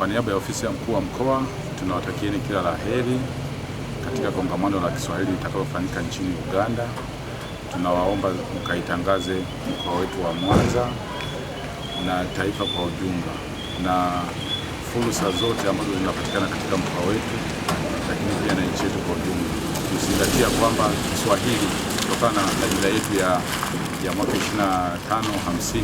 Kwa niaba ya ofisi ya mkuu wa mkoa tunawatakieni kila la heri katika kongamano la Kiswahili litakalofanyika nchini Uganda. Tunawaomba mkaitangaze mkoa wetu wa Mwanza na taifa kwa ujumla, na fursa zote ambazo zinapatikana katika mkoa wetu, lakini pia na nchi yetu kwa ujumla, tuzingatia kwamba Kiswahili kutokana na dira yetu ya, ya mwaka 25 50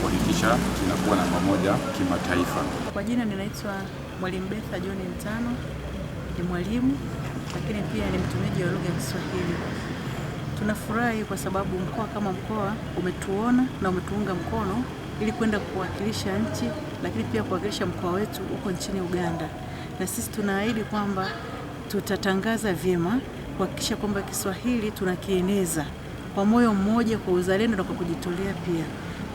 kuhakikisha tunakuwa namba moja kimataifa. Kwa jina ninaitwa Mwalimu Betha John Mtano, ni mwalimu lakini pia ni mtumiaji wa lugha ya Kiswahili. Tunafurahi kwa sababu mkoa kama mkoa umetuona na umetuunga mkono ili kwenda kuwakilisha nchi, lakini pia kuwakilisha mkoa wetu huko nchini Uganda, na sisi tunaahidi kwamba tutatangaza vyema kuhakikisha kwamba Kiswahili tunakieneza kwa moyo mmoja, kwa uzalendo na kwa kujitolea pia.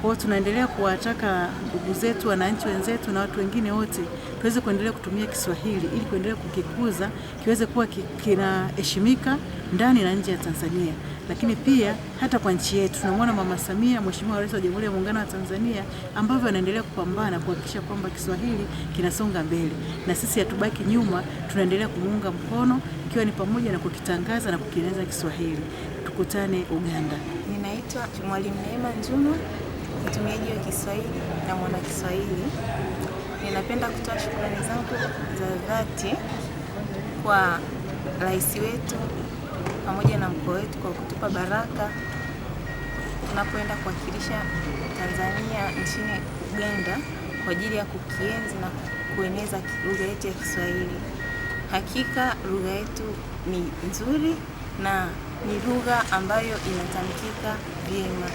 Kwa hiyo tunaendelea kuwataka ndugu zetu, wananchi wenzetu na watu wengine wote tuweze kuendelea kutumia Kiswahili ili kuendelea kukikuza, kiweze kuwa kinaheshimika ndani na nje ya Tanzania, lakini pia hata kwa nchi yetu. Tunamwona Mama Samia, Mheshimiwa Rais wa Jamhuri ya Muungano wa Tanzania, ambavyo anaendelea kupambana kuhakikisha kwamba Kiswahili kinasonga mbele na sisi hatubaki nyuma, tunaendelea kumuunga mkono, ikiwa ni pamoja na kukitangaza na kukieneza Kiswahili. Tukutane Uganda. Ninaitwa Mwalimu Neema Njuma. Kiswahili na mwana Kiswahili, ninapenda kutoa shukrani zangu za dhati kwa rais wetu pamoja na mkoa wetu kwa kutupa baraka tunapoenda kuwakilisha Tanzania nchini Uganda kwa ajili ya kukienzi na kueneza lugha yetu ya Kiswahili. Hakika lugha yetu ni nzuri na ni lugha ambayo inatamkika vyema.